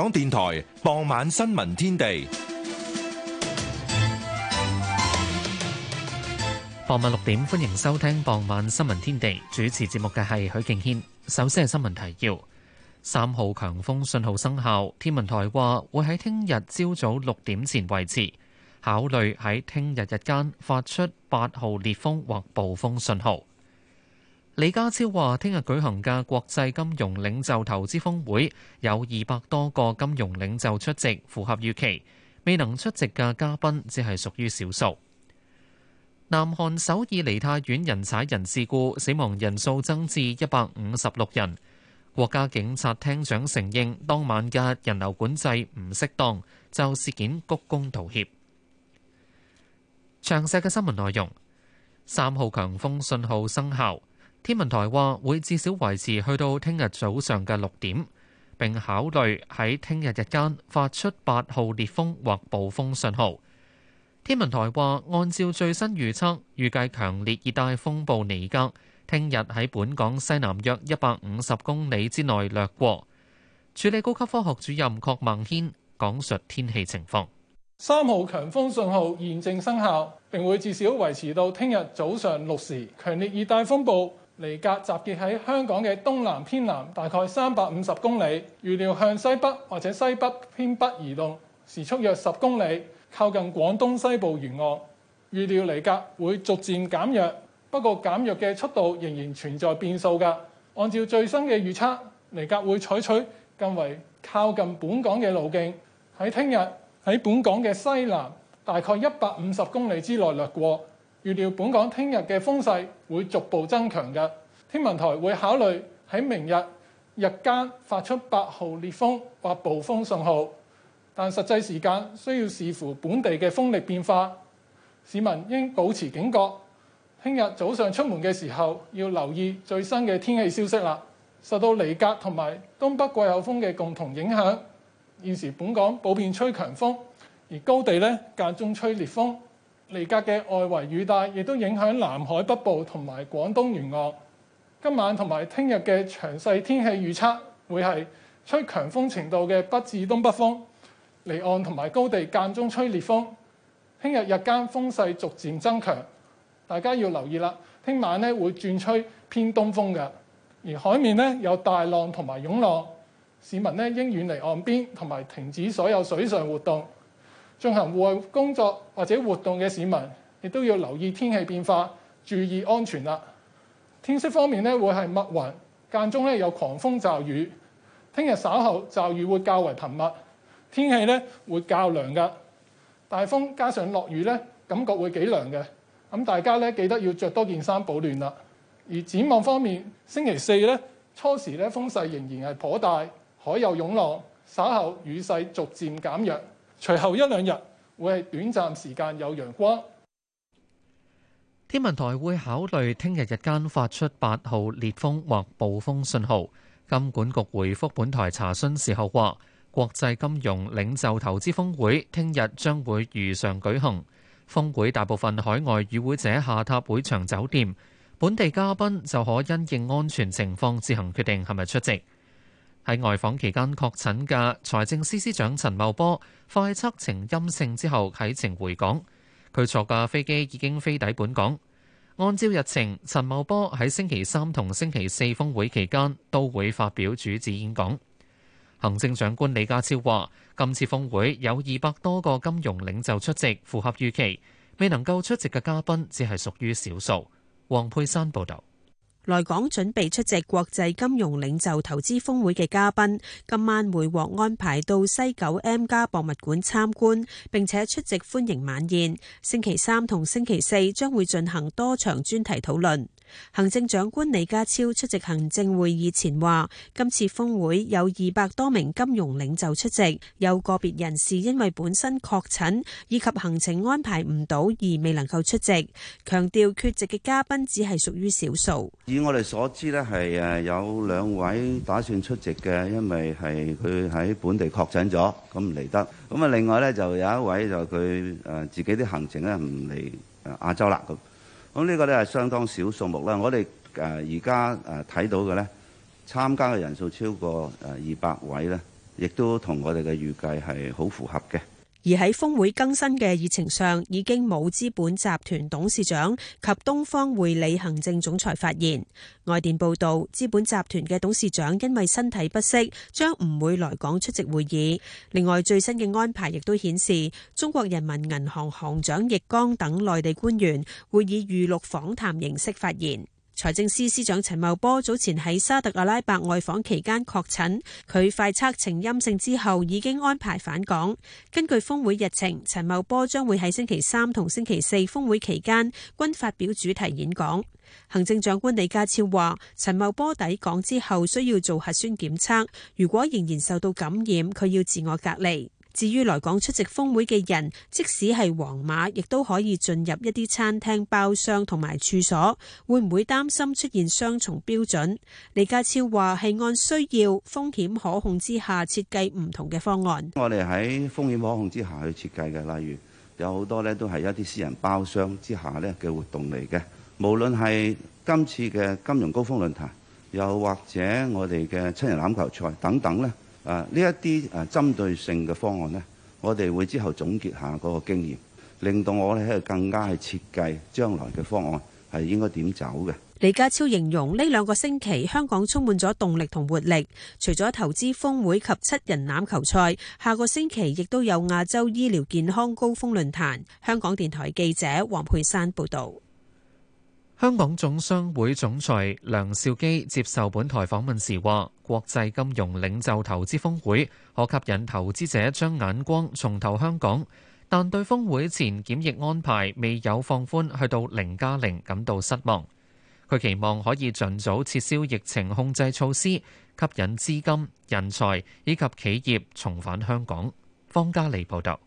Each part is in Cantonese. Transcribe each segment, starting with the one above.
港電台傍晚新聞天地，傍晚六點，歡迎收聽傍晚新聞天地。主持節目嘅係許敬軒。首先係新聞提要：三號強風信號生效，天文台話會喺聽日朝早六點前維持，考慮喺聽日日間發出八號烈風或暴風信號。李家超話，聽日舉行嘅國際金融領袖投資峰會有二百多個金融領袖出席，符合預期。未能出席嘅嘉賓只係屬於少數。南韓首爾梨泰院人踩人事故死亡人數增至一百五十六人。國家警察廳長承認當晚嘅人流管制唔適當，就事件鞠躬道歉。詳細嘅新聞內容，三號強風信號生效。天文台話會至少維持去到聽日早上嘅六點，並考慮喺聽日日間發出八號烈風或暴風信號。天文台話，按照最新預測，預計強烈熱帶風暴尼格聽日喺本港西南約一百五十公里之內掠過。助理高級科學主任郭孟軒講述天氣情況：三號強風信號現正生效，並會至少維持到聽日早上六時。強烈熱帶風暴。尼格集結喺香港嘅東南偏南，大概三百五十公里，預料向西北或者西北偏北移動，時速約十公里，靠近廣東西部沿岸。預料尼格會逐漸減弱，不過減弱嘅速度仍然存在變數㗎。按照最新嘅預測，尼格會採取，取更為靠近本港嘅路徑，喺聽日，喺本港嘅西南，大概一百五十公里之內掠過。預料本港聽日嘅風勢會逐步增強嘅，天文台會考慮喺明日日間發出八號烈風或暴風信號，但實際時間需要視乎本地嘅風力變化。市民應保持警覺，聽日早上出門嘅時候要留意最新嘅天氣消息啦。受到尼格同埋東北季候風嘅共同影響，現時本港普遍吹強風，而高地呢間中吹烈風。尼格嘅外圍雨帶亦都影響南海北部同埋廣東沿岸。今晚同埋聽日嘅詳細天氣預測，會係吹強風程度嘅北至東北風，離岸同埋高地間中吹烈風。聽日日間風勢逐漸增強，大家要留意啦。聽晚咧會轉吹偏東風嘅，而海面咧有大浪同埋湧浪，市民咧應遠離岸邊同埋停止所有水上活動。進行戶外工作或者活動嘅市民，亦都要留意天氣變化，注意安全啦。天色方面咧，會係密雲，間中咧有狂風驟雨。聽日稍後驟雨會較為頻密，天氣咧會較涼㗎。大風加上落雨咧，感覺會幾涼嘅。咁大家咧記得要着多件衫保暖啦。而展望方面，星期四咧初時咧風勢仍然係頗大，海有湧浪。稍後雨勢逐漸減弱。隨後一兩日會係短暫時間有陽光。天文台會考慮聽日日間發出八號烈風或暴風信號。金管局回覆本台查詢時候話，國際金融領袖投資峰會聽日將會如常舉行。峰會大部分海外與會者下榻會場酒店，本地嘉賓就可因應安全情況自行決定係咪出席。喺外訪期間確診嘅財政司司長陳茂波快測呈陰性之後啟程回港，佢坐架飛機已經飛抵本港。按照日程，陳茂波喺星期三同星期四峰會期間都會發表主旨演講。行政長官李家超話：今次峰會有二百多個金融領袖出席，符合預期。未能夠出席嘅嘉賓只係屬於少數。黃佩珊報導。來港準備出席國際金融領袖投資峰會嘅嘉賓，今晚會獲安排到西九 M+ 博物館參觀，並且出席歡迎晚宴。星期三同星期四將會進行多場專題討論。行政長官李家超出席行政會議前話，今次峰會有二百多名金融領袖出席，有個別人士因為本身確診以及行程安排唔到而未能夠出席，強調缺席嘅嘉賓只係屬於少數。以我哋所知呢，係誒有兩位打算出席嘅，因為係佢喺本地確診咗，咁唔嚟得。咁啊，另外呢，就有一位就佢誒自己啲行程呢，唔嚟誒亞洲啦咁。咁呢個咧係相當少數目啦，我哋誒而家睇到嘅咧，參加嘅人數超過二百位咧，亦都同我哋嘅預計係好符合嘅。而喺峰會更新嘅議程上，已經冇資本集團董事長及東方匯理行政總裁發言。外電報道，資本集團嘅董事長因為身體不適，將唔會來港出席會議。另外，最新嘅安排亦都顯示，中國人民銀行行長易綱等內地官員會以預錄訪談形式發言。財政司司長陳茂波早前喺沙特阿拉伯外訪期間確診，佢快測呈陰性之後已經安排返港。根據峰會日程，陳茂波將會喺星期三同星期四峰會期間均發表主題演講。行政長官李家超話，陳茂波抵港之後需要做核酸檢測，如果仍然受到感染，佢要自我隔離。至於來港出席峰會嘅人，即使係黃碼，亦都可以進入一啲餐廳包廂同埋處所，會唔會擔心出現雙重標準？李家超話：係按需要、風險可控之下設計唔同嘅方案。我哋喺風險可控之下去設計嘅，例如有好多呢都係一啲私人包廂之下呢嘅活動嚟嘅，無論係今次嘅金融高峰論壇，又或者我哋嘅七人欖球賽等等呢。啊！呢一啲啊，針對性嘅方案呢，我哋會之後總結下嗰個經驗，令到我哋喺度更加係設計將來嘅方案係應該點走嘅。李家超形容呢兩個星期香港充滿咗動力同活力，除咗投資峰會及七人欖球賽，下個星期亦都有亞洲醫療健康高峰論壇。香港電台記者黃佩珊報道。香港總商會總裁梁兆基接受本台訪問時話，國際金融領袖投資峰會可吸引投資者將眼光重投香港，但對峰會前檢疫安排未有放寬去到零加零感到失望。佢期望可以盡早撤銷疫情控制措施，吸引資金、人才以及企業重返香港。方家利報道。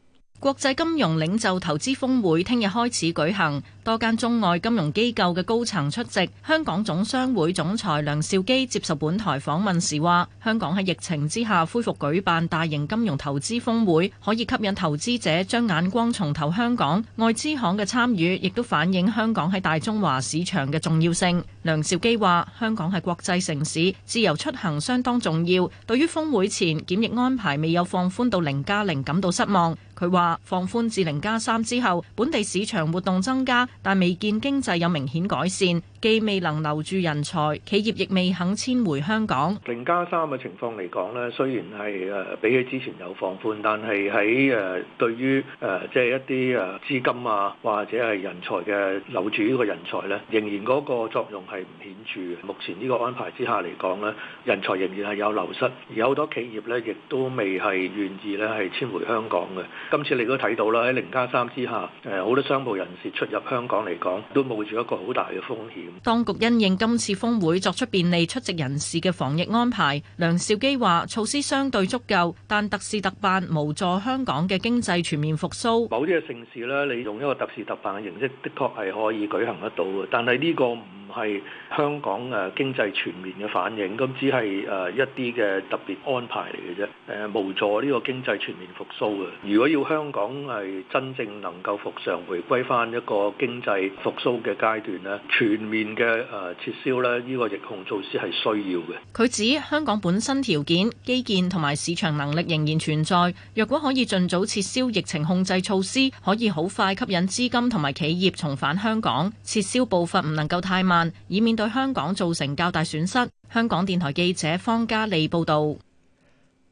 國際金融領袖投資峰會聽日開始舉行，多間中外金融機構嘅高層出席。香港總商會總裁梁兆基接受本台訪問時話，香港喺疫情之下恢復舉辦大型金融投資峰會，可以吸引投資者將眼光重投香港。外資行嘅參與亦都反映香港喺大中華市場嘅重要性。梁兆基話，香港係國際城市，自由出行相當重要。對於峰會前檢疫安排未有放寬到零加零，感到失望。佢話：放寬至零加三之後，本地市場活動增加，但未見經濟有明顯改善。既未能留住人才，企業亦未肯遷回香港。零加三嘅情況嚟講咧，雖然係誒比起之前有放寬，但係喺誒對於誒即係一啲誒資金啊，或者係人才嘅留住呢個人才咧，仍然嗰個作用係唔顯著嘅。目前呢個安排之下嚟講咧，人才仍然係有流失，而好多企業咧亦都未係願意咧係遷回香港嘅。今次你都睇到啦，喺零加三之下，誒好多商務人士出入香港嚟講，都冒住一個好大嘅風險。當局因應今次峰會作出便利出席人士嘅防疫安排，梁兆基話措施相對足夠，但特事特辦無助香港嘅經濟全面復蘇。某啲嘅城市呢，你用一個特事特辦嘅形式，的確係可以舉行得到嘅，但係呢個唔。係香港誒經濟全面嘅反應，咁只係誒一啲嘅特別安排嚟嘅啫。誒無助呢個經濟全面復甦嘅。如果要香港係真正能夠復常，回歸翻一個經濟復甦嘅階段咧，全面嘅誒撤銷咧呢個疫控措施係需要嘅。佢指香港本身條件、基建同埋市場能力仍然存在。若果可以盡早撤銷疫情控制措施，可以好快吸引資金同埋企業重返香港。撤銷步伐唔能夠太慢，以免對香港造成較大損失。香港電台記者方嘉莉報道，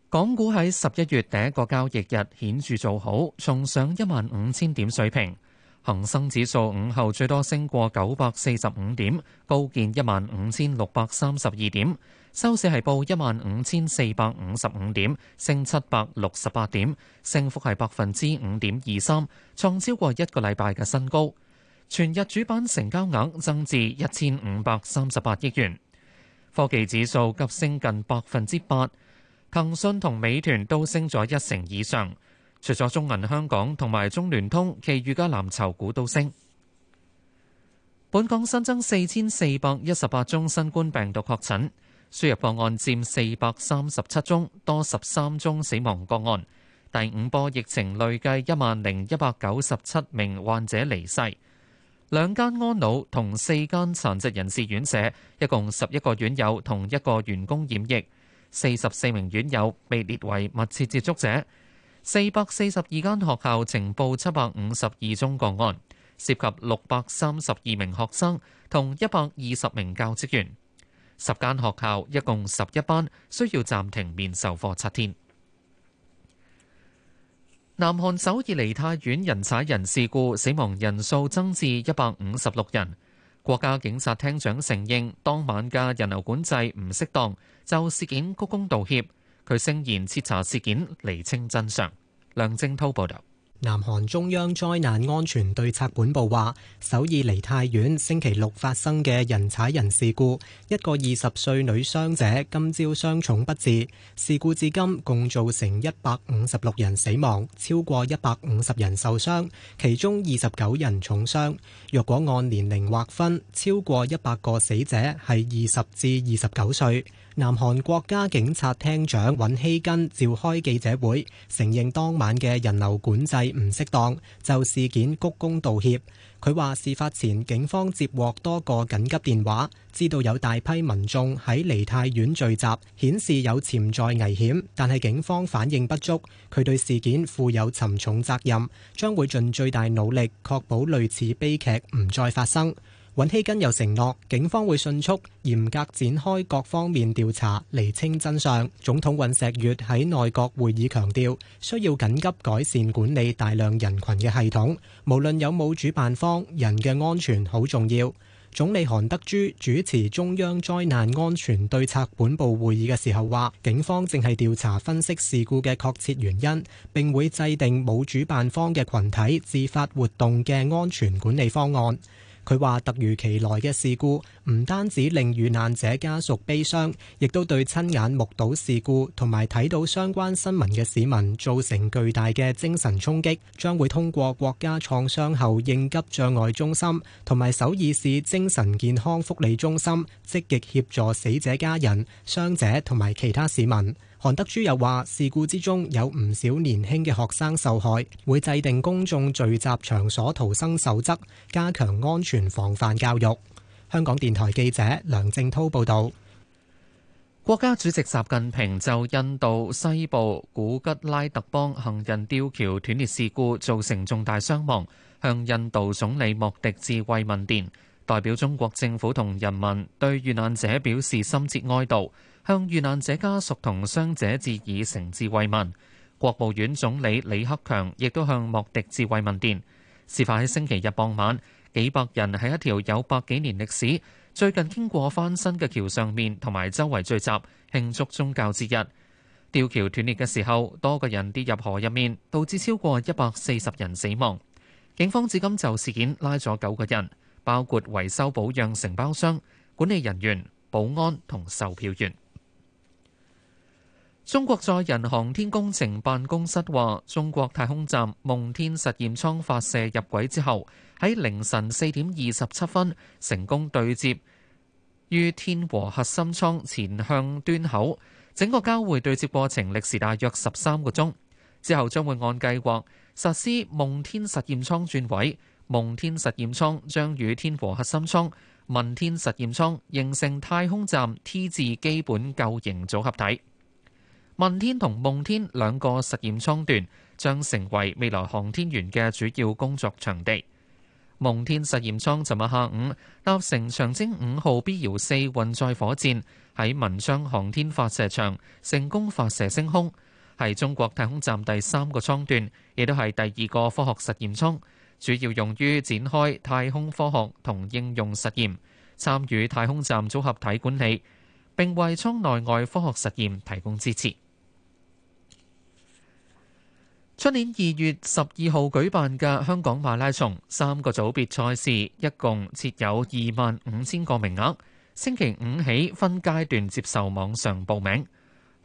港股喺十一月第一個交易日顯著做好，重上一萬五千點水平。恒生指數午後最多升過九百四十五點，高見一萬五千六百三十二點，收市係報一萬五千四百五十五點，升七百六十八點，升幅係百分之五點二三，創超過一個禮拜嘅新高。全日主板成交額增至一千五百三十八億元，科技指數急升近百分之八，騰訊同美團都升咗一成以上。除咗中銀香港同埋中聯通，其餘嘅藍籌股都升。本港新增四千四百一十八宗新冠病毒確診，輸入個案佔四百三十七宗，多十三宗死亡個案。第五波疫情累計一萬零一百九十七名患者離世。兩間安老同四間殘疾人士院舍，一共十一個院友同一個員工染疫，四十四名院友被列為密切接觸者。四百四十二間學校呈報七百五十二宗個案，涉及六百三十二名學生同一百二十名教職員。十間學校一共十一班需要暫停面授課七天。南韓首爾梨泰院人踩人事故死亡人數增至一百五十六人。國家警察廳長承認當晚嘅人流管制唔適當，就事件鞠躬道歉。佢聲言徹查事件，釐清真相。梁正濤報道。南韓中央災難安全對策本部話，首爾梨泰院星期六發生嘅人踩人事故，一個二十歲女傷者今朝傷重不治。事故至今共造成一百五十六人死亡，超過一百五十人受傷，其中二十九人重傷。若果按年齡劃分，超過一百個死者係二十至二十九歲。南韓國家警察廳長尹希根召開記者會，承認當晚嘅人流管制唔適當，就事件鞠躬道歉。佢話事發前警方接獲多個緊急電話，知道有大批民眾喺梨泰院聚集，顯示有潛在危險，但係警方反應不足。佢對事件負有沉重責任，將會盡最大努力確保類似悲劇唔再發生。尹希根又承諾警方會迅速嚴格展開各方面調查，厘清真相。總統尹錫悅喺內閣會議強調需要緊急改善管理大量人群嘅系統，無論有冇主辦方，人嘅安全好重要。總理韓德珠主持中央災難安全對策本部會議嘅時候話，警方正係調查分析事故嘅確切原因，並會制定冇主辦方嘅群體自發活動嘅安全管理方案。佢話：突如其來嘅事故唔單止令遇難者家屬悲傷，亦都對親眼目睹事故同埋睇到相關新聞嘅市民造成巨大嘅精神衝擊，將會通過國家創傷後應急障礙中心同埋首爾市精神健康福利中心積極協助死者家人、傷者同埋其他市民。韓德珠又話：事故之中有唔少年輕嘅學生受害，會制定公眾聚集場所逃生守則，加強安全防範教育。香港電台記者梁正濤報道。國家主席習近平就印度西部古吉拉特邦行人吊橋斷裂事故造成重大傷亡，向印度總理莫迪致慰問電，代表中國政府同人民對遇難者表示深切哀悼。向遇難者家屬同傷者致以誠摯慰問。國務院總理李克強亦都向莫迪致慰問電。事發喺星期日傍晚，幾百人喺一條有百幾年歷史、最近經過翻新嘅橋上面同埋周圍聚集慶祝宗教節日。吊橋斷裂嘅時候，多個人跌入河入面，導致超過一百四十人死亡。警方至今就事件拉咗九個人，包括維修保養承包商、管理人員、保安同售票員。中國載人航天工程辦公室話，中國太空站夢天實驗艙發射入軌之後，喺凌晨四點二十七分成功對接於天和核心艙前向端口。整個交會對接過程歷時大約十三個鐘之後，將會按計劃實施夢天實驗艙轉位。夢天實驗艙將與天和核心艙、問天實驗艙形成太空站 T 字基本構型?組合體。問天同夢天兩個實驗艙段將成為未來航天員嘅主要工作場地。夢天實驗艙尋日下午搭乘長征五號 B 遙四運載火箭喺文昌航天發射場成功發射升空，係中國太空站第三個艙段，亦都係第二個科學實驗艙，主要用於展開太空科學同應用實驗，參與太空站組合體管理，並為艙內外科學實驗提供支持。出年二月十二號舉辦嘅香港馬拉松，三個組別賽事一共設有二萬五千個名額。星期五起分階段接受網上報名。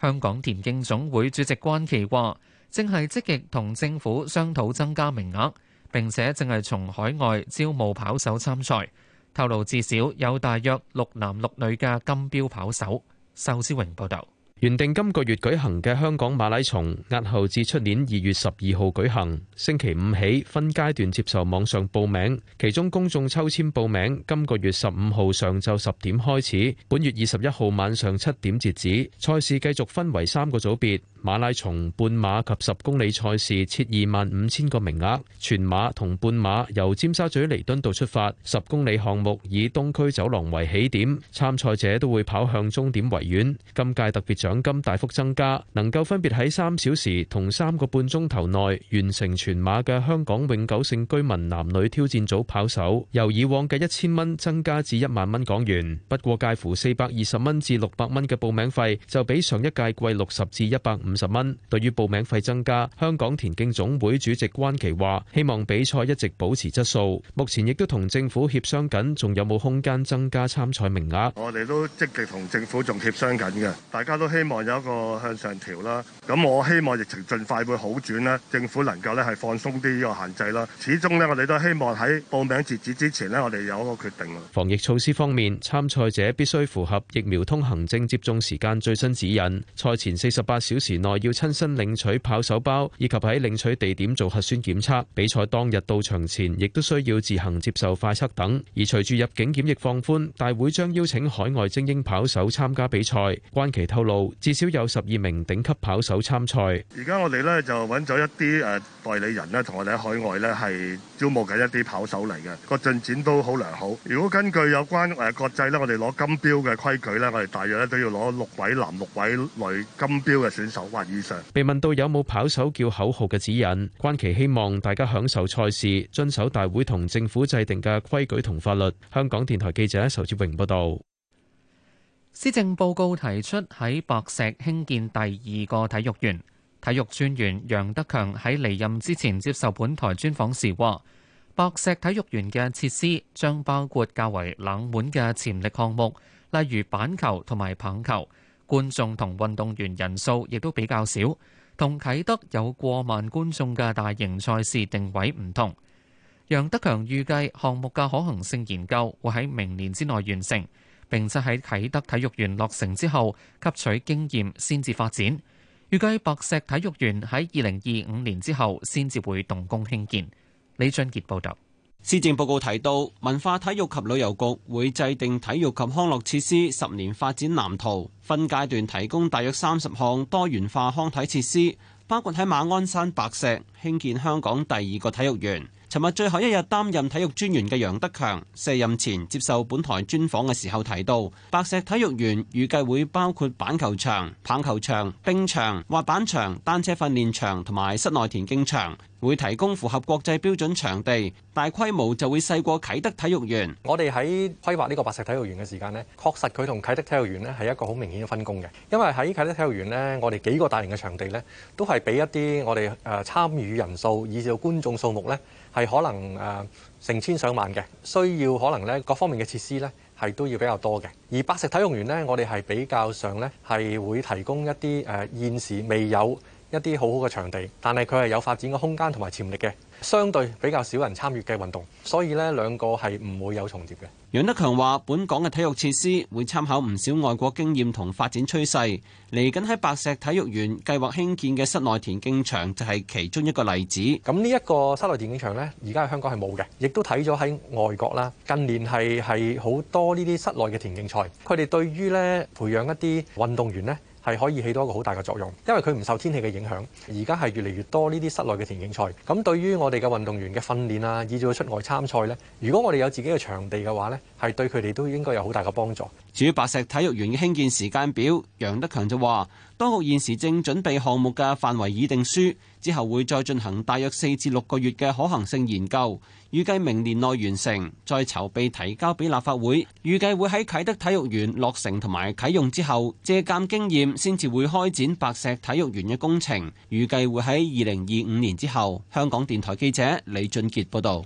香港田徑總會主席關其話，正係積極同政府商討增加名額，並且正係從海外招募跑手參賽。透露至少有大約六男六女嘅金標跑手。仇志榮報道。原定今個月舉行嘅香港馬拉松押後至出年二月十二號舉行，星期五起分階段接受網上報名，其中公眾抽籤報名今個月十五號上晝十點開始，本月二十一號晚上七點截止。賽事繼續分為三個組別。馬拉松、半馬及十公里賽事設二萬五千個名額，全馬同半馬由尖沙咀彌敦道出發，十公里項目以東區走廊為起點，參賽者都會跑向終點維園。今屆特別獎金大幅增加，能夠分別喺三小時同三個半鐘頭內完成全馬嘅香港永久性居民男女挑戰組跑手，由以往嘅一千蚊增加至一萬蚊港元。不過介乎四百二十蚊至六百蚊嘅報名費就比上一屆貴六十至一百五。十蚊。對於報名費增加，香港田徑總會主席關琪話，希望比賽一直保持質素。目前亦都同政府協商緊，仲有冇空間增加參賽名額。我哋都積極同政府仲協商緊嘅，大家都希望有一個向上調啦。咁我希望疫情盡快會好轉啦，政府能夠咧係放鬆啲呢個限制啦。始終呢，我哋都希望喺報名截止之前呢，我哋有一個決定。防疫措施方面，參賽者必須符合疫苗通行證接種時間最新指引，賽前四十八小時。內要親身領取跑手包，以及喺領取地點做核酸檢測。比賽當日到場前，亦都需要自行接受快測等。而隨住入境檢疫放寬，大會將邀請海外精英跑手參加比賽。關祺透露，至少有十二名頂級跑手參賽。而家我哋呢就揾咗一啲誒，代理人呢，同我哋喺海外呢係招募緊一啲跑手嚟嘅，個進展都好良好。如果根據有關誒國際呢，我哋攞金標嘅規矩呢，我哋大約呢都要攞六位男、六位女金標嘅選手。被問到有冇跑手叫口號嘅指引，關其希望大家享受賽事，遵守大會同政府制定嘅規矩同法律。香港電台記者仇志榮報道，施政報告提出喺白石興建第二個體育園，體育專員楊德強喺離任之前接受本台專訪時話，白石體育園嘅設施將包括較為冷門嘅潛力項目，例如板球同埋棒球。觀眾同運動員人數亦都比較少，同啟德有過萬觀眾嘅大型賽事定位唔同。楊德強預計項目嘅可行性研究會喺明年之內完成，並且在喺啟德體育園落成之後吸取經驗先至發展。預計白石體育園喺二零二五年之後先至會動工興建。李俊傑報導。施政報告提到，文化體育及旅遊局會制定體育及康樂設施十年發展藍圖，分階段提供大約三十項多元化康體設施，包括喺馬鞍山白石興建香港第二個體育園。尋日最後一日擔任體育專員嘅楊德強卸任前接受本台專訪嘅時候提到，白石體育園預計會包括板球場、棒球場、冰場、滑板場、單車訓練場同埋室內田徑場。會提供符合國際標準場地，大規模就會細過啟德體育園。我哋喺規劃呢個白石體育園嘅時間呢，確實佢同啟德體育園呢係一個好明顯嘅分工嘅。因為喺啟德體育園呢我哋幾個大型嘅場地呢都係俾一啲我哋誒參與人數以至到觀眾數目呢係可能誒成千上萬嘅，需要可能呢各方面嘅設施呢係都要比較多嘅。而白石體育園呢，我哋係比較上呢係會提供一啲誒現時未有。一啲好好嘅場地，但係佢係有發展嘅空間同埋潛力嘅，相對比較少人參與嘅運動，所以呢兩個係唔會有重疊嘅。楊德強話：本港嘅體育設施會參考唔少外國經驗同發展趨勢，嚟緊喺白石體育園計劃興建嘅室內田徑場就係其中一個例子。咁呢一個室內田徑場呢，而家喺香港係冇嘅，亦都睇咗喺外國啦。近年係係好多呢啲室內嘅田徑賽，佢哋對於呢培養一啲運動員呢。係可以起到一個好大嘅作用，因為佢唔受天氣嘅影響。而家係越嚟越多呢啲室內嘅田徑賽，咁對於我哋嘅運動員嘅訓練啊，以至到出外參賽呢，如果我哋有自己嘅場地嘅話呢，係對佢哋都應該有好大嘅幫助。至於白石體育園嘅興建時間表，楊德強就話，當局現時正準備項目嘅範圍已定書，之後會再進行大約四至六個月嘅可行性研究，預計明年內完成，再籌備提交俾立法會。預計會喺啟德體育園落成同埋啟用之後，借鑑經驗先至會開展白石體育園嘅工程，預計會喺二零二五年之後。香港電台記者李俊傑報道。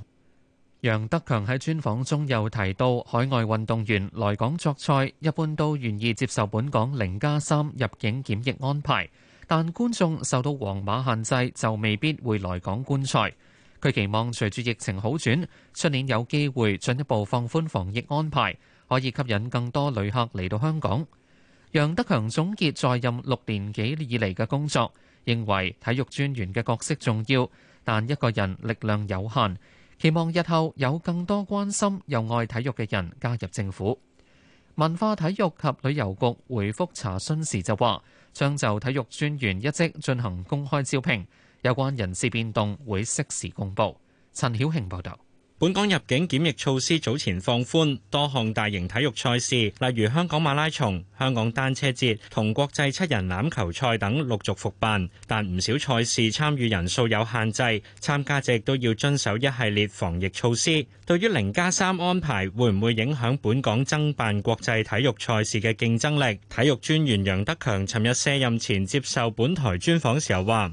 楊德強喺專訪中又提到，海外運動員來港作賽，一般都願意接受本港零加三入境檢疫安排，但觀眾受到黃碼限制，就未必會來港觀賽。佢期望隨住疫情好轉，出年有機會進一步放寬防疫安排，可以吸引更多旅客嚟到香港。楊德強總結在任六年幾以嚟嘅工作，認為體育專員嘅角色重要，但一個人力量有限。期望日後有更多關心又愛體育嘅人加入政府。文化體育及旅遊局回覆查詢時就話，將就體育專員一職進行公開招聘，有關人事變動會適時公佈。陳曉慶報道。本港入境檢疫措施早前放寬，多項大型體育賽事，例如香港馬拉松、香港單車節同國際七人欖球賽等陸續復辦。但唔少賽事參與人數有限制，參加者亦都要遵守一系列防疫措施。對於零加三安排會唔會影響本港爭辦國際體育賽事嘅競爭力，體育專員楊德強尋日卸任前接受本台專訪時候話。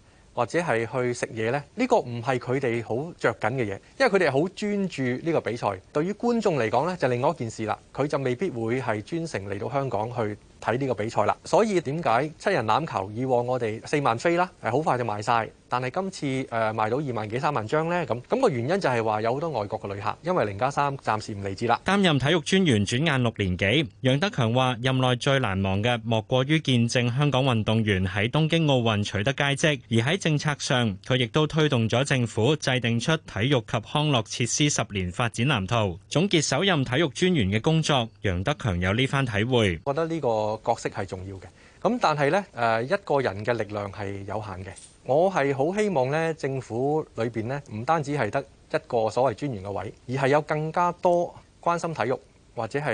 或者係去食嘢咧，呢個唔係佢哋好着緊嘅嘢，因為佢哋好專注呢個比賽。對於觀眾嚟講咧，就另外一件事啦，佢就未必會係專程嚟到香港去。睇呢個比賽啦，所以點解七人欖球以往我哋四萬飛啦，誒好快就賣晒，但係今次誒賣到二萬幾三萬張咧，咁咁個原因就係話有好多外國嘅旅客，因為零加三暫時唔理智啦。擔任體育專員轉眼六年幾，楊德強話任內最難忘嘅莫過於見證香港運動員喺東京奧運取得佳績，而喺政策上，佢亦都推動咗政府制定出體育及康樂設施十年發展藍圖。總結首任體育專員嘅工作，楊德強有呢番體會，我覺得呢個。個角色係重要嘅，咁但係呢，誒，一個人嘅力量係有限嘅。我係好希望呢政府裏邊呢，唔單止係得一個所謂專員嘅位，而係有更加多關心體育或者係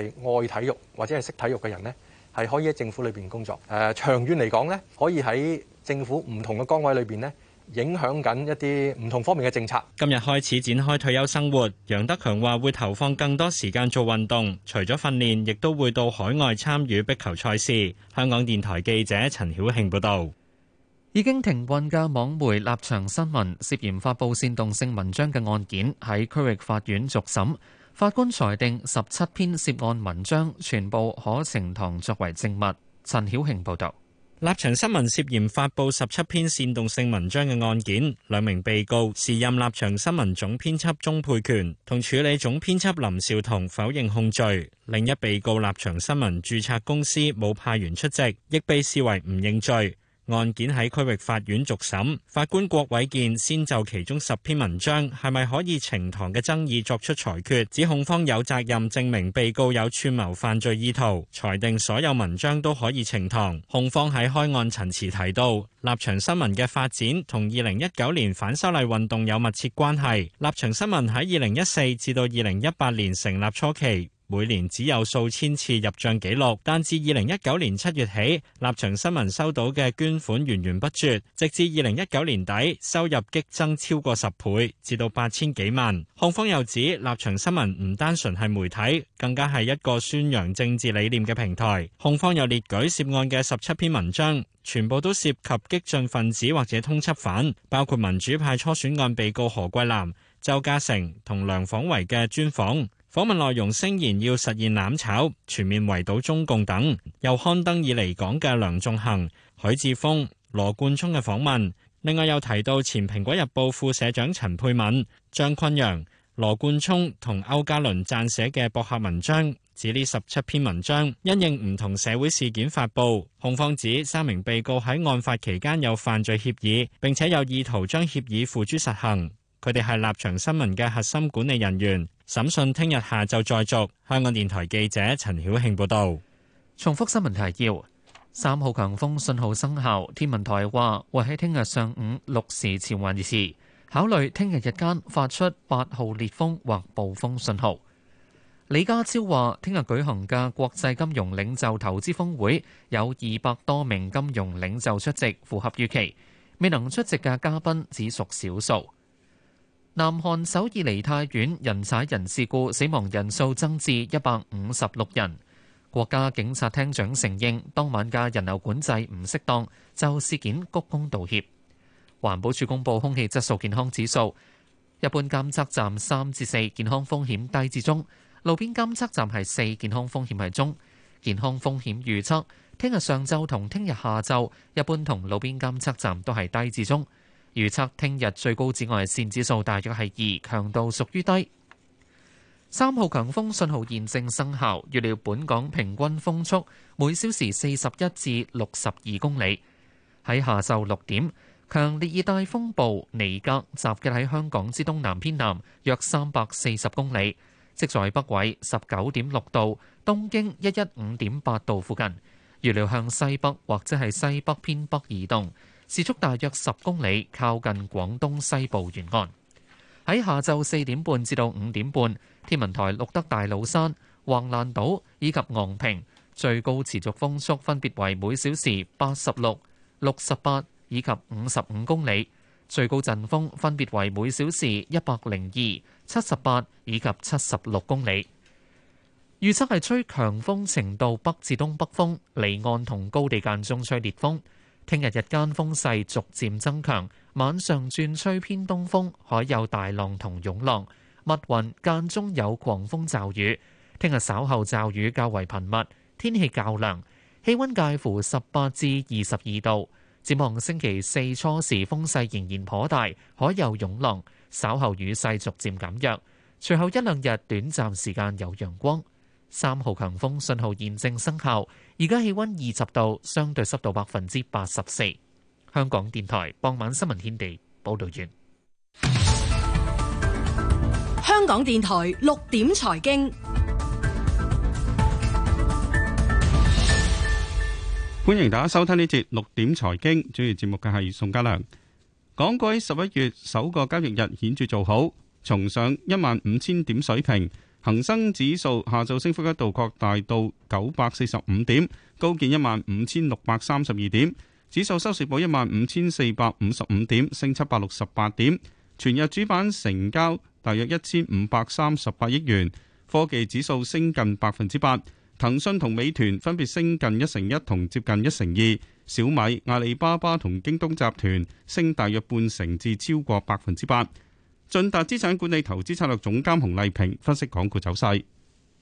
愛體育或者係識體育嘅人呢，係可以喺政府裏邊工作。誒、呃，長遠嚟講呢，可以喺政府唔同嘅崗位裏邊呢。影響緊一啲唔同方面嘅政策。今日開始展開退休生活，楊德強話會投放更多時間做運動，除咗訓練，亦都會到海外參與壁球賽事。香港電台記者陳曉慶報道。已經停運嘅網媒立場新聞涉嫌發布煽動性文章嘅案件，喺區域法院續審，法官裁定十七篇涉案文章全部可呈堂作為證物。陳曉慶報道。立場新聞涉嫌發布十七篇煽動性文章嘅案件，兩名被告時任立場新聞總編輯鍾沛權同署理總編輯林紹桐否認控罪，另一被告立場新聞註冊公司冇派員出席，亦被視為唔認罪。案件喺區域法院續審，法官郭偉健先就其中十篇文章係咪可以呈堂嘅爭議作出裁決。指控方有責任證明被告有串謀犯罪意圖，裁定所有文章都可以呈堂。控方喺開案陳詞提到，立場新聞嘅發展同二零一九年反修例運動有密切關係。立場新聞喺二零一四至到二零一八年成立初期，每年只有數千次入賬記錄，但自二零一九年七月起，立場新聞收到嘅捐款源源不絕，直至二零一九年底收入激增超過十倍，至到八千幾萬，控方又指，立場新聞唔單純係媒體，更加係一個宣揚政治理念嘅平台。控方又列舉涉案嘅十七篇文章，全部都涉及激進分子或者通緝犯，包括民主派初選案被告何桂藍、鄒家成同梁晃維嘅專訪。訪問內容聲言要實現攬炒、全面圍堵中共等，又刊登以嚟講嘅梁仲恒、許智峰、羅冠聰嘅訪問。另外又提到前《蘋果日報》副社長陳佩敏、張坤陽、羅冠聰同歐嘉倫撰寫嘅博客文章，指呢十七篇文章因應唔同社會事件發布。控方指三名被告喺案發期間有犯罪協議，並且有意圖將協議付諸實行，佢哋係立場新聞嘅核心管理人員。審訊聽日下晝再續。香港電台記者陳曉慶報道。重複新聞提要：三號強風信號生效，天文台話會喺聽日上午六時前還以時，考慮聽日日間發出八號烈風或暴風信號。李家超話，聽日舉行嘅國際金融領袖投資峰會有二百多名金融領袖出席，符合預期。未能出席嘅嘉賓只屬少數。南韓首爾梨泰院人踩人事故死亡人數增至一百五十六人。國家警察廳長承認當晚嘅人流管制唔適當，就事件鞠躬道歉。環保署公布空氣質素健康指數，一般監測站三至四，健康風險低至中；路邊監測站係四，健康風險係中。健康風險預測，聽日上晝同聽日下晝，一般同路邊監測站都係低至中。預測聽日最高紫外線指數大約係二，強度屬於低。三號強風信號現正生效，預料本港平均風速每小時四十一至六十二公里。喺下晝六點，強烈熱帶風暴尼格集結喺香港之東南偏南約三百四十公里，即在北緯十九點六度、東經一一五點八度附近，預料向西北或者係西北偏北移動。時速大約十公里，靠近廣東西部沿岸。喺下晝四點半至到五點半，天文台錄得大老山、橫欄島以及昂坪。最高持續風速分別為每小時八十六、六十八以及五十五公里，最高陣風分別為每小時一百零二、七十八以及七十六公里。預測係吹強風程度北至東北風，離岸同高地間中吹烈風。聽日日間風勢逐漸增強，晚上轉吹偏東風，海有大浪同湧浪，密雲間中有狂風驟雨。聽日稍後驟雨較為頻密，天氣較涼，氣溫介乎十八至二十二度。展望星期四初時風勢仍然頗大，海有湧浪，稍後雨勢逐漸減弱，隨後一兩日短暫時間有陽光。三號強風信號現正生效，而家氣溫二十度，相對濕度百分之八十四。香港電台傍晚新聞天地報道完。香港電台六點財經，歡迎大家收聽呢節六點財經，主持節目嘅係宋家良。港股十一月首個交易日顯著做好，重上一萬五千點水平。恒生指數下晝升幅一度擴大到九百四十五點，高見一萬五千六百三十二點。指數收市報一萬五千四百五十五點，升七百六十八點。全日主板成交大約一千五百三十八億元。科技指數升近百分之八，騰訊同美團分別升近一成一同接近一成二。小米、阿里巴巴同京東集團升大約半成至超過百分之八。駿達資產管理投資策略總監洪麗萍分析港股走勢。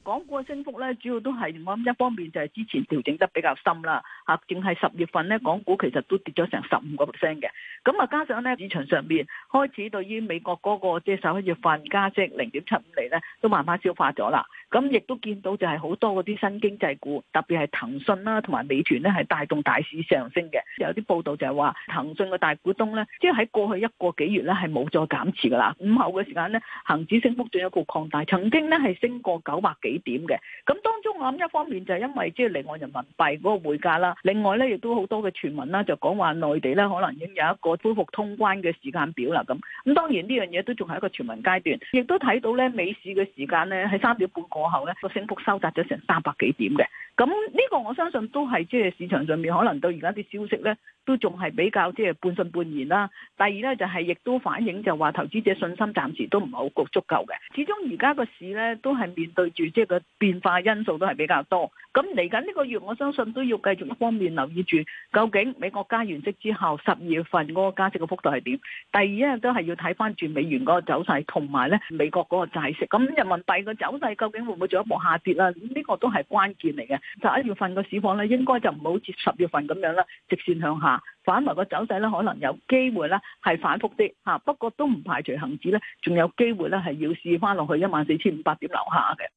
港股嘅升幅咧，主要都係我諗一方面就係之前調整得比較深啦，吓，淨係十月份咧，港股其實都跌咗成十五個 percent 嘅。咁啊，加上咧市場上面開始對於美國嗰個即係十一月份加息零點七五厘咧，都慢慢消化咗啦。咁亦都見到就係好多嗰啲新經濟股，特別係騰訊啦，同埋美團咧，係帶動大市上升嘅。有啲報道就係話騰訊嘅大股東咧，即係喺過去一個幾月咧係冇再減持㗎啦。午後嘅時間咧，恒指升幅進一步擴大，曾經咧係升過九百幾點嘅。咁當中我諗一方面就係因為即係、就是、離岸人民幣嗰個匯價啦，另外咧亦都好多嘅傳聞啦，就講話內地咧可能已經有一個恢復通關嘅時間表啦。咁咁當然呢樣嘢都仲係一個傳聞階段，亦都睇到咧美市嘅時間咧喺三點半。過後咧個升幅收窄咗成三百幾點嘅，咁呢個我相信都係即係市場上面可能到而家啲消息咧都仲係比較即係半信半疑啦。第二咧就係、是、亦都反映就話投資者信心暫時都唔係好夠足夠嘅。始終而家個市咧都係面對住即係個變化因素都係比較多。咁嚟緊呢個月我相信都要繼續一方面留意住究竟美國加完息之後十二月份嗰個加息嘅幅度係點。第二咧都係要睇翻住美元嗰個走勢同埋咧美國嗰個債息。咁人民幣個走勢究竟，會唔會進一步下跌啦？呢、這個都係關鍵嚟嘅。十、就、一、是、月份個市況咧，應該就唔好似十月份咁樣啦，直線向下。反埋個走勢咧，可能有機會咧，係反覆啲嚇。不過都唔排除恆指咧，仲有機會咧，係要試翻落去一萬四千五百點樓下嘅。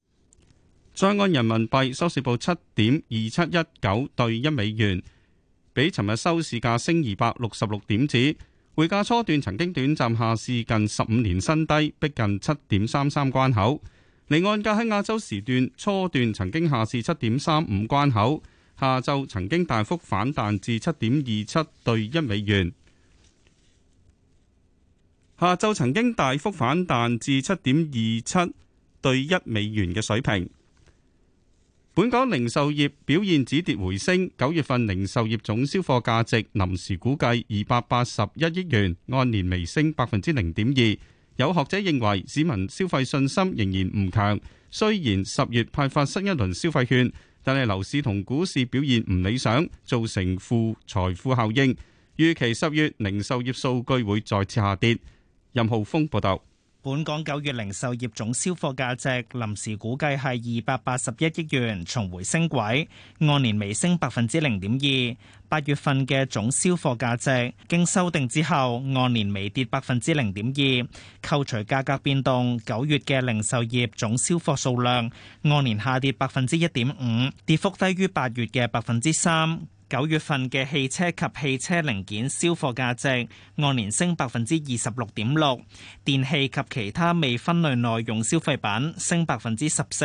在岸人民幣收市報七點二七一九對一美元，比尋日收市價升二百六十六點子。匯價初段曾經短暫下試近十五年新低，逼近七點三三關口。離岸價喺亞洲時段初段曾經下試七點三五關口，下晝曾經大幅反彈至七點二七對一美元。下晝曾經大幅反彈至七點二七對一美元嘅水平。本港零售業表現止跌回升，九月份零售業總銷貨價值臨時估計二百八十一億元，按年微升百分之零點二。有學者認為市民消費信心仍然唔強，雖然十月派發新一輪消費券，但係樓市同股市表現唔理想，造成負財富效應。預期十月零售業數據會再次下跌。任浩峰報道。本港九月零售業總銷貨價值臨時估計係二百八十一億元，重回升軌，按年微升百分之零點二。八月份嘅總銷貨價值經修訂之後，按年微跌百分之零點二。扣除價格變動，九月嘅零售業總銷貨數量按年下跌百分之一點五，跌幅低於八月嘅百分之三。九月份嘅汽車及汽車零件銷貨價值按年升百分之二十六點六，電器及其他未分類耐用消費品升百分之十四，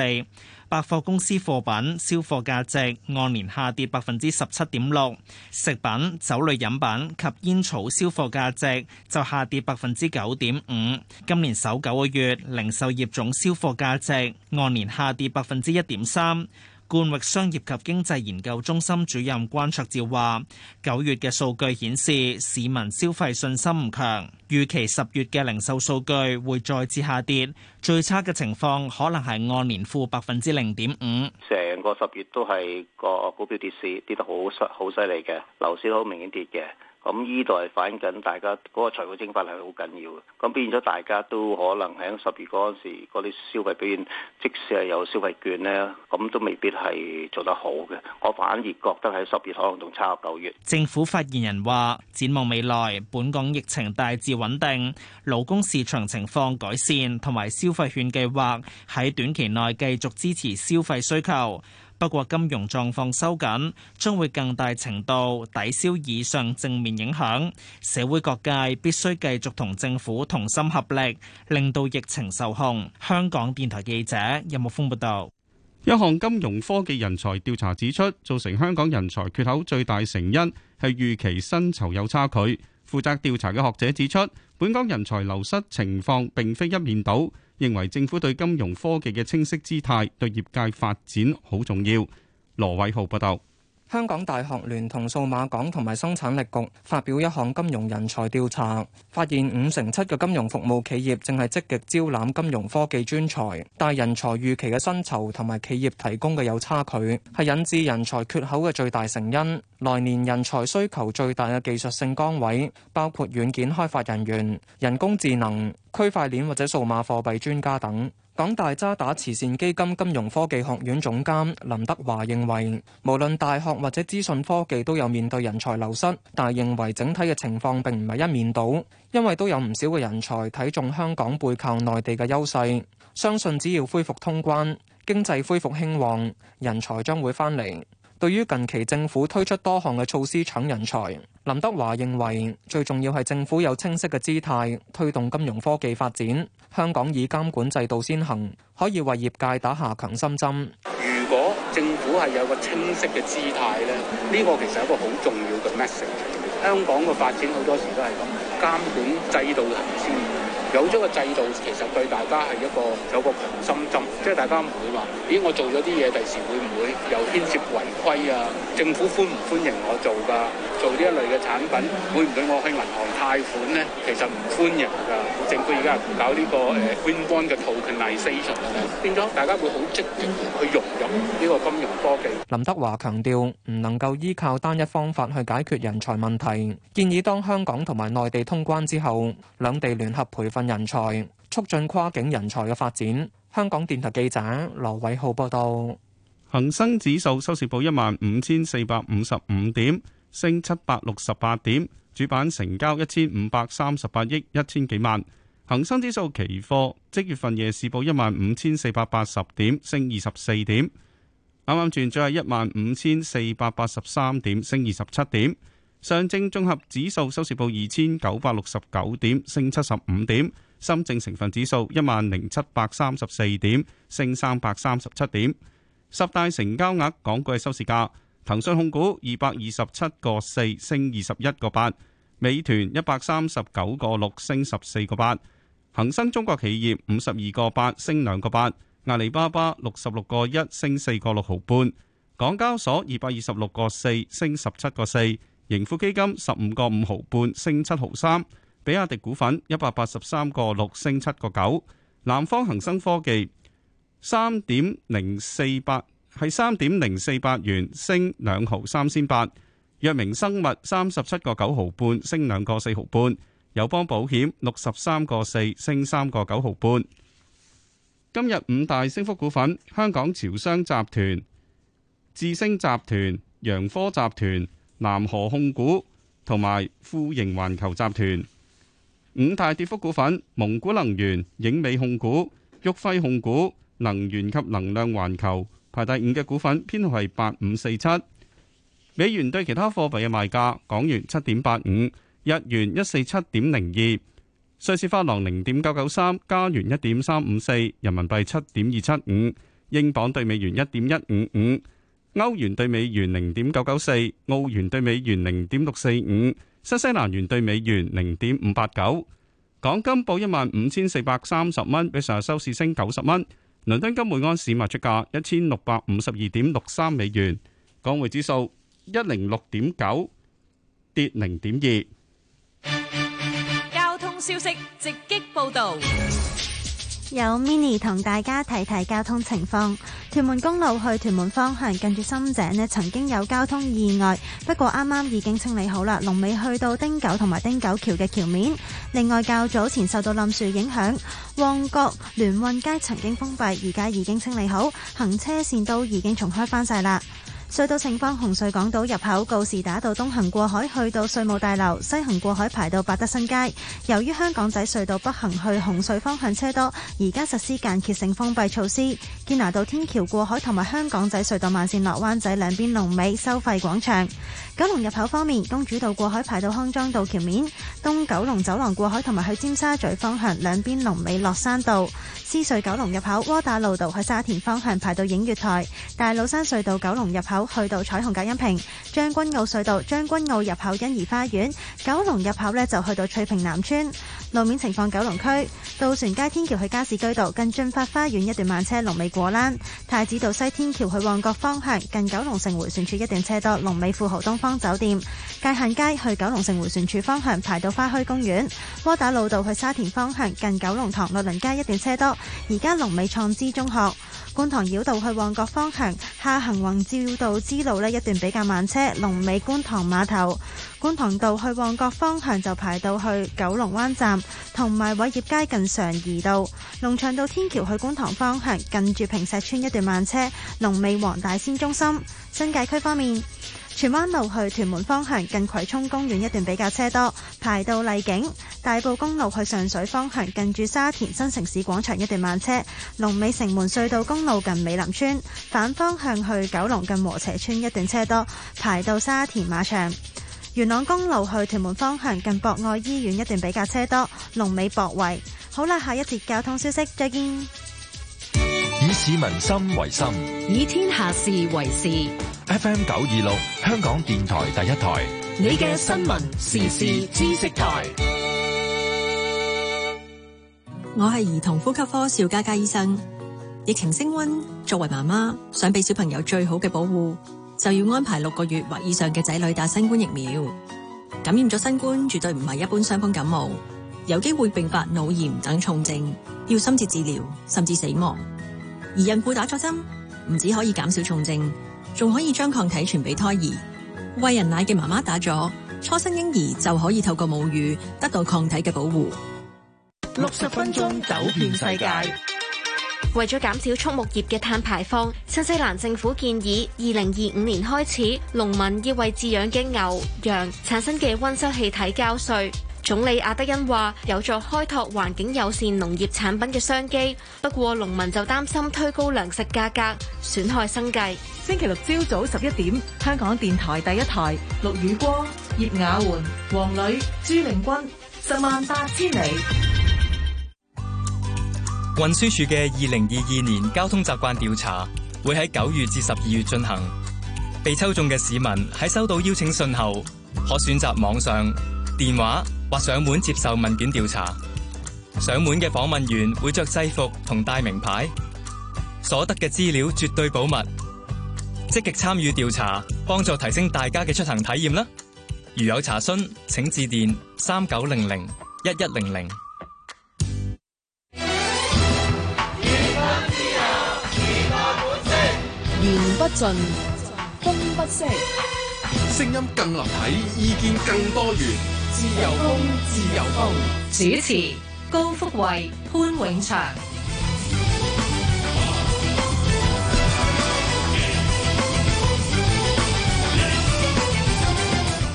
百貨公司貨品銷貨價值按年下跌百分之十七點六，食品、酒類飲品及煙草銷貨價值就下跌百分之九點五。今年首九個月，零售業總銷貨價值按年下跌百分之一點三。冠域商業及經濟研究中心主任關卓照話，九月嘅數據顯示市民消費信心唔強，預期十月嘅零售數據會再次下跌，最差嘅情況可能係按年負百分之零點五。成個十月都係個股票跌市，跌得好犀好犀利嘅，樓市都好明顯跌嘅。咁呢度係反映緊大家嗰個財富蒸發係好緊要嘅，咁變咗大家都可能喺十二月嗰陣時，嗰啲消費表現即使係有消費券呢，咁都未必係做得好嘅。我反而覺得喺十二月可能仲差過九月。政府發言人話：展望未來，本港疫情大致穩定，勞工市場情況改善，同埋消費券計劃喺短期內繼續支持消費需求。不過金融狀況收緊，將會更大程度抵消以上正面影響。社會各界必須繼續同政府同心合力，令到疫情受控。香港電台記者任木峰報道。一項金融科技人才調查指出，造成香港人才缺口最大成因係預期薪酬有差距。負責調查嘅學者指出，本港人才流失情況並非一面倒。認為政府對金融科技嘅清晰姿態對業界發展好重要。羅偉浩報道。香港大學聯同數碼港同埋生產力局發表一項金融人才調查，發現五成七嘅金融服務企業正係積極招攬金融科技專才，但人才預期嘅薪酬同埋企業提供嘅有差距，係引致人才缺口嘅最大成因。來年人才需求最大嘅技術性崗位，包括軟件開發人員、人工智能、區塊鏈或者數碼貨幣專家等。港大渣打慈善基金金，金融科技學院總監林德華認為，無論大學或者資訊科技都有面對人才流失，但係認為整體嘅情況並唔係一面倒，因為都有唔少嘅人才睇中香港背靠內地嘅優勢，相信只要恢復通關、經濟恢復興旺，人才將會翻嚟。對於近期政府推出多項嘅措施搶人才，林德華認為最重要係政府有清晰嘅姿態推動金融科技發展。香港以監管制度先行，可以為業界打下強心針。如果政府係有個清晰嘅姿態咧，呢、呢個其實係一個好重要嘅 message。香港嘅發展好多時都係咁，監管制度行先。有咗個制度，其實對大家係一個有個強心針，即係大家唔會話咦，我做咗啲嘢，第時會唔會有牽涉違規啊？政府歡唔歡迎我做㗎？做呢一類嘅產品，會唔會我去銀行貸款呢？其實唔歡迎㗎。政府而家搞呢個誒官方嘅 tokenisation，變咗大家會好積極去融入呢個金融科技。林德華強調，唔能夠依靠單一方法去解決人才問題，建議當香港同埋內地通關之後，兩地聯合培訓。人才，促進跨境人才嘅發展。香港電台記者羅偉浩報道。恒生指數收市報一萬五千四百五十五點，升七百六十八點。主板成交一千五百三十八億一千幾萬。恒生指數期貨即月份夜市報一萬五千四百八十點，升二十四點。啱啱轉咗係一萬五千四百八十三點，升二十七點。上證綜合指數收市報二千九百六十九點，升七十五點；深證成分指數一萬零七百三十四點，升三百三十七點。十大成交額港股嘅收市價：騰訊控股二百二十七個四，升二十一個八；美團一百三十九個六，升十四個八；恒生中國企業五十二個八，升兩個八；阿里巴巴六十六個一，升四個六毫半；港交所二百二十六個四，升十七個四。盈富基金十五個五毫半升七毫三，比亞迪股份一百八十三個六升七個九，南方恒生科技三點零四八係三點零四八元升兩毫三先八，藥明生物三十七個九毫半升兩個四毫半，友邦保險六十三個四升三個九毫半。今日五大升幅股份：香港潮商集團、智星集團、揚科集團。南河控股同埋富盈環球集團。五大跌幅股份：蒙古能源、影美控股、旭輝控股、能源及能量環球，排第五嘅股份編號係八五四七。美元對其他貨幣嘅賣價：港元七點八五，日元一四七點零二，瑞士法郎零點九九三，加元一點三五四，人民幣七點二七五，英鎊對美元一點一五五。歐元對美元零點九九四，澳元對美元零點六四五，新西蘭元對美元零點五八九。港金報一萬五千四百三十蚊，比上日收市升九十蚊。倫敦金每盎司賣出價一千六百五十二點六三美元。港匯指數一零六點九，跌零點二。交通消息直擊報道。有 mini 同大家睇睇交通情況，屯門公路去屯門方向近住深井咧，曾經有交通意外，不過啱啱已經清理好啦。龍尾去到汀九同埋汀九橋嘅橋面，另外較早前受到冧樹影響，旺角聯運街曾經封閉，而家已經清理好，行車線都已經重開翻晒啦。隧道情況：紅隧港島入口告士打道東行過海去到稅務大樓，西行過海排到百德新街。由於香港仔隧道北行去紅隧方向車多，而家實施間歇性封閉措施。堅拿道天橋過海同埋香港仔隧道慢線落灣仔兩邊龍尾收費廣場。九龍入口方面，公主道過海排到康莊道橋面；東九龍走廊過海同埋去尖沙咀方向，兩邊龍尾落山道；獅隧九龍入口窩打老道去沙田方向排到映月台；大老山隧道九龍入口去到彩虹隔音屏；將軍澳隧道將軍澳入口欣怡花園；九龍入口呢就去到翠屏南村路面情況。九龍區渡船街天橋去加士居道近駿發花園一段慢車，龍尾果欄；太子道西天橋去旺角方向近九龍城回旋處一段車多，龍尾富豪東方酒店，界限街去九龍城回旋處方向排到花墟公園，窩打老道去沙田方向近九龍塘綠林街一段車多。而家龍尾創知中學，觀塘繞道去旺角方向下行宏照道支路呢一段比較慢車，龍尾觀塘碼頭，觀塘道去旺角方向就排到去九龍灣站，同埋偉業街近常怡道，龍翔道天橋去觀塘方向近住平石邨一段慢車，龍尾黃大仙中心。新界區方面。荃灣路去屯門方向，近葵涌公園一段比較車多，排到荔景。大埔公路去上水方向，近住沙田新城市廣場一段慢車。龍尾城門隧道公路近美林村，反方向去九龍近和斜村一段車多，排到沙田馬場。元朗公路去屯門方向，近博愛醫院一段比較車多，龍尾博圍。好啦，下一節交通消息，再見。以市民心為心，以天下事為事。F.M. 九二六，香港電台第一台。你嘅新聞時事知識台。我係兒童呼吸科邵嘉嘉醫生。疫情升温，作為媽媽想俾小朋友最好嘅保護，就要安排六個月或以上嘅仔女打新冠疫苗。感染咗新冠，絕對唔係一般傷風感冒，有機會併發腦炎等重症，要深切治療，甚至死亡。而孕婦打咗針，唔止可以減少重症。仲可以將抗體傳俾胎兒，餵人奶嘅媽媽打咗，初生嬰兒就可以透過母乳得到抗體嘅保護。六十分鐘走遍世界，為咗減少畜牧業嘅碳排放，新西蘭政府建議二零二五年開始，農民要為飼養嘅牛、羊產生嘅溫室氣體交稅。總理阿德恩話有助開拓環境友善農業產品嘅商機，不過農民就擔心推高糧食價格，損害生計。星期六朝早十一點，香港電台第一台，陸宇光、葉雅媛，黃磊，朱玲君，十萬八千里。運輸署嘅二零二二年交通習慣調查會喺九月至十二月進行，被抽中嘅市民喺收到邀請信後，可選擇網上、電話。或上門接受問卷調查，上門嘅訪問員會着制服同帶名牌，所得嘅資料絕對保密。積極參與調查，幫助提升大家嘅出行體驗啦！如有查詢，請致電三九零零一一零零。自分自言不盡，風不息，聲音更立體，意見更多元。自由風，自由風。主持：高福慧、潘永祥。